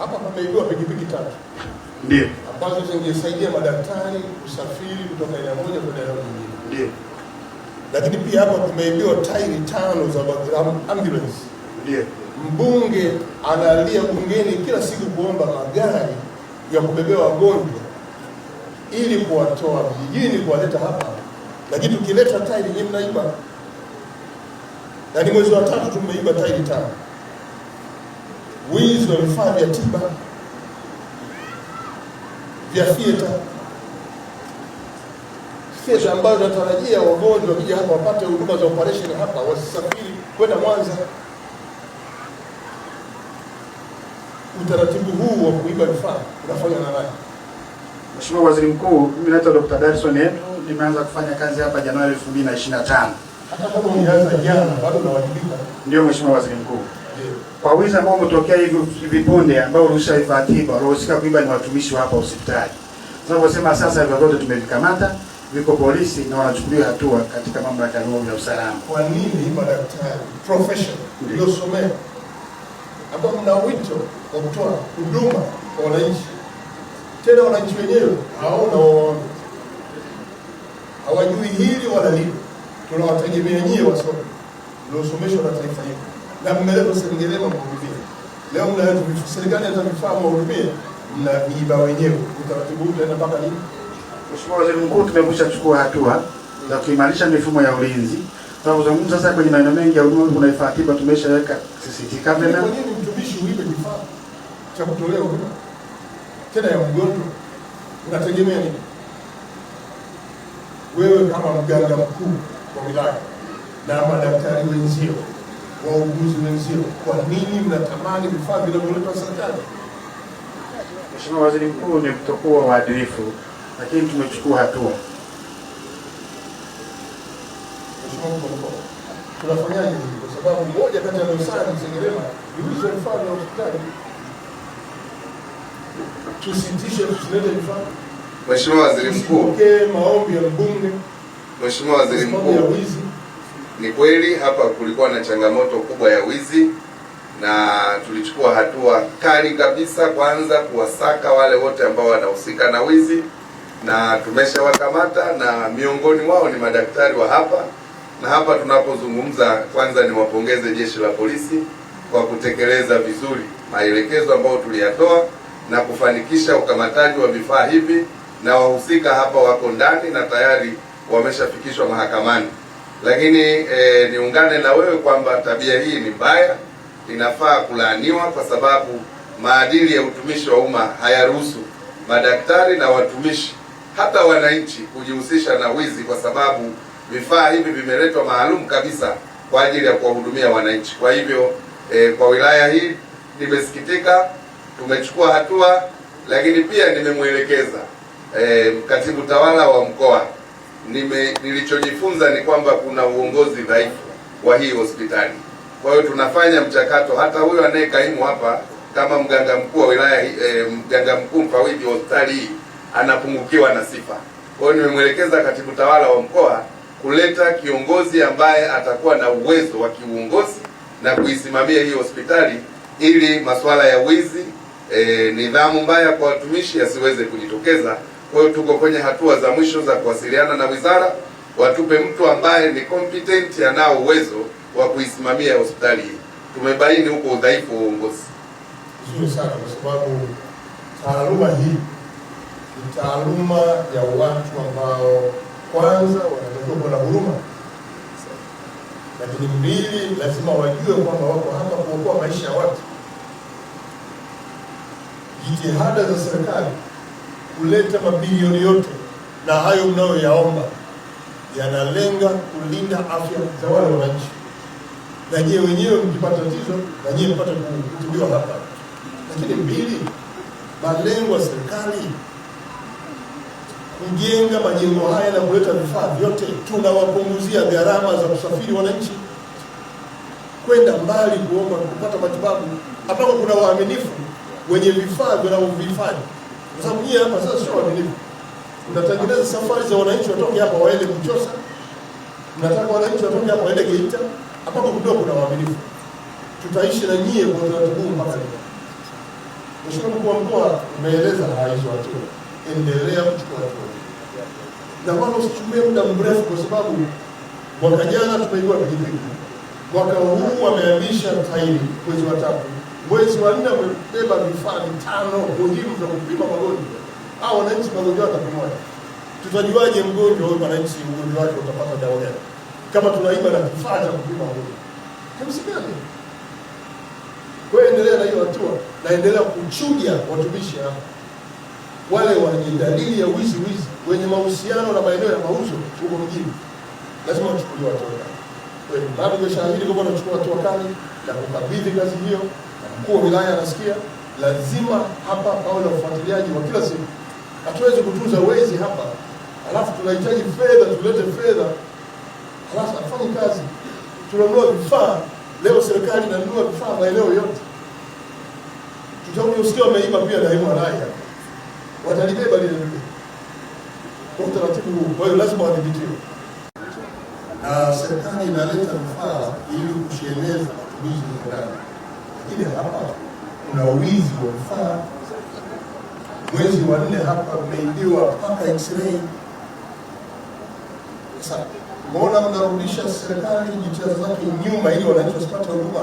Hapa pameibiwa pikipiki tatu ndio ambazo zingesaidia madaktari kusafiri kutoka eneo moja kwenda eneo lingine. Ndio. Lakini pia hapa tumeibiwa tairi tano za ambulance. Ndiyo. Mbunge analia bungeni kila siku kuomba magari ya kubebea wagonjwa ili kuwatoa vijijini kuwaleta hapa, lakini tukileta tairi nyinyi mnaiba, na ni mwezi wa tatu tumeiba tairi tano wizi wa vifaa vya tiba vya fieta fieta ambayo tunatarajia wagonjwa wakija hapa wapate huduma za operation hapa, wasisafiri kwenda Mwanza. Utaratibu huu wa kuiba vifaa unafanywa na nani? Mheshimiwa Waziri Mkuu, mimi naitwa Dr. Darson Hedu, nimeanza kufanya kazi hapa Januari 2025. Hata kama umeanza jana bado unawajibika. Ndio Mheshimiwa Waziri Mkuu kwa wizi ambao umetokea vipunde, ambao ruhusa vifaa tiba waliohusika kuiba ni watumishi hapa hospitali. Tunaposema sasa, hivyo vyote tumevikamata, viko polisi na wanachukuliwa hatua katika mamlaka ya usalama. Kwa nini madaktari professional waliosomea ambao mna wito wa kutoa huduma kwa wananchi, tena wananchi wenyewe hawana waona, hawajui hili wala lile, tunawategemea nyie wasomi mliosomeshwa na taifa hili na mmeleta sengerema mhudumie. Leo mnaleta serikali hata vifaa mhudumie, mnaviiba wenyewe. Utaratibu huu utaenda mpaka lini? Mheshimiwa Waziri Mkuu, tumekwisha chukua hatua za kuimarisha mifumo ya ulinzi. Tunazungumza sasa kwenye maeneo mengi ya huduma, kuna vifaa tiba tumeshaweka CCTV camera. Kwa nini mtumishi uibe kifaa cha kutolea huduma tena ya mgonjwa? Unategemea nini wewe kama mganga mkuu wa wilaya na madaktari wenzio? wauguzi wenzio, kwa nini mnatamani vifaa vinavyoletwa serikali? Mheshimiwa Waziri Mkuu, ni kutokuwa waadilifu, lakini tumechukua hatua. Mheshimiwa Kwa sababu moja kati ya dosari Sengerema vifaa vya hospitali, tusitishe, tusilete vifaa. Mheshimiwa Waziri Mkuu, maombi ya mbunge. Mheshimiwa Waziri Mkuu, ni kweli hapa kulikuwa na changamoto kubwa ya wizi na tulichukua hatua kali kabisa, kwanza kuwasaka wale wote ambao wanahusika na wizi na tumeshawakamata na miongoni wao ni madaktari wa hapa. Na hapa tunapozungumza, kwanza niwapongeze jeshi la polisi kwa kutekeleza vizuri maelekezo ambayo tuliyatoa na kufanikisha ukamataji wa vifaa hivi, na wahusika hapa wako ndani na tayari wameshafikishwa mahakamani lakini eh, niungane na wewe kwamba tabia hii ni mbaya, inafaa kulaaniwa kwa sababu maadili ya utumishi wa umma hayaruhusu madaktari na watumishi hata wananchi kujihusisha na wizi, kwa sababu vifaa hivi vimeletwa maalum kabisa kwa ajili ya kuwahudumia wananchi. Kwa hivyo eh, kwa wilaya hii nimesikitika, tumechukua hatua, lakini pia nimemwelekeza eh, katibu tawala wa mkoa nime nilichojifunza ni kwamba kuna uongozi dhaifu wa hii hospitali. Kwa hiyo tunafanya mchakato, hata huyo anayekaimu hapa kama mganga mkuu wa wilaya e, mganga mkuu mfawidhi wa hospitali hii anapungukiwa na sifa. Kwa hiyo nimemwelekeza katibu tawala wa mkoa kuleta kiongozi ambaye atakuwa na uwezo wa kiuongozi na kuisimamia hii hospitali ili masuala ya wizi e, nidhamu mbaya kwa watumishi yasiweze kujitokeza. Kwa hiyo tuko kwenye hatua za mwisho za kuwasiliana na wizara watupe mtu ambaye ni competent, anao uwezo wa kuisimamia hospitali hii. Tumebaini huko udhaifu wa uongozi. Nzuri sana kwa sababu taaluma hii ni taaluma ya watu ambao kwanza wanatakiwa na huruma, lakini mbili, lazima wajue kwamba wako hapa kuokoa maisha ya watu. Jitihada za serikali kuleta mabilioni yote, na hayo mnayoyaomba yanalenga kulinda afya za wale wananchi, na wenyewe mkipata tatizo, na nyewe mpate kutibiwa hapa. Lakini mbili, malengo ya serikali kujenga majengo haya na kuleta vifaa vyote, tunawapunguzia gharama za kusafiri wananchi kwenda mbali kuomba kupata matibabu, ambapo kuna waaminifu wenye vifaa vinavyohifadhi kwa sababu nyie hapa sasa sio waadilifu. Mnatengeneza safari za wananchi watoke hapa waende Buchosa, mnataka wananchi watoke hapa waende Geita. Hapa kwa kidogo kuna waadilifu, tutaishi na nyie kwa utaratibu mpaka leo. Mheshimiwa mkuu wa mkoa, umeeleza hizo hatua, endelea kuchukua hatua na wala usichukue muda mrefu, kwa sababu mwaka jana tumeibiwa pikipiki, mwaka huu wamehamisha tairi mwezi wa tatu mwezi wa nne amebeba vifaa vitano wengine vya kupima magonjwa au wananchi magonjwa watapimwaje? Tutajuaje mgonjwa huyu wananchi mgonjwa wake utapata dawa gani kama tunaiba na kifaa cha kupima magonjwa? Kimsikani. Kwa hiyo endelea na hiyo hatua, naendelea kuchuja watumishi hapa wale wenye dalili ya wizi wizi, wenye mahusiano na maeneo ya mauzo huko mjini, lazima wachukuliwe hatua kali. Kwa hiyo nami nimeshahidi kwamba nachukua hatua kali na kukabidhi kazi hiyo mkuu wa wilaya anasikia, lazima hapa pawe na ufuatiliaji wa kila siku. Hatuwezi kutunza wezi hapa halafu tunahitaji fedha, tulete fedha, halafu hatufanyi kazi. Tunanunua vifaa leo, serikali inanunua vifaa maeneo yote. Tutakuja usikia wameiba pia daimu haraya, watalibeba lile lile kwa utaratibu huu. Kwa hiyo lazima wadhibitiwe, na serikali inaleta vifaa ili kusheneza matumizi ya ndani ile hapa kuna wizi wa vifaa. Mwezi wa nne hapa mmeibiwa mpaka x-ray. Sasa mbona mnarudisha serikali jitihada zake nyuma ili wananchi wasipate huduma?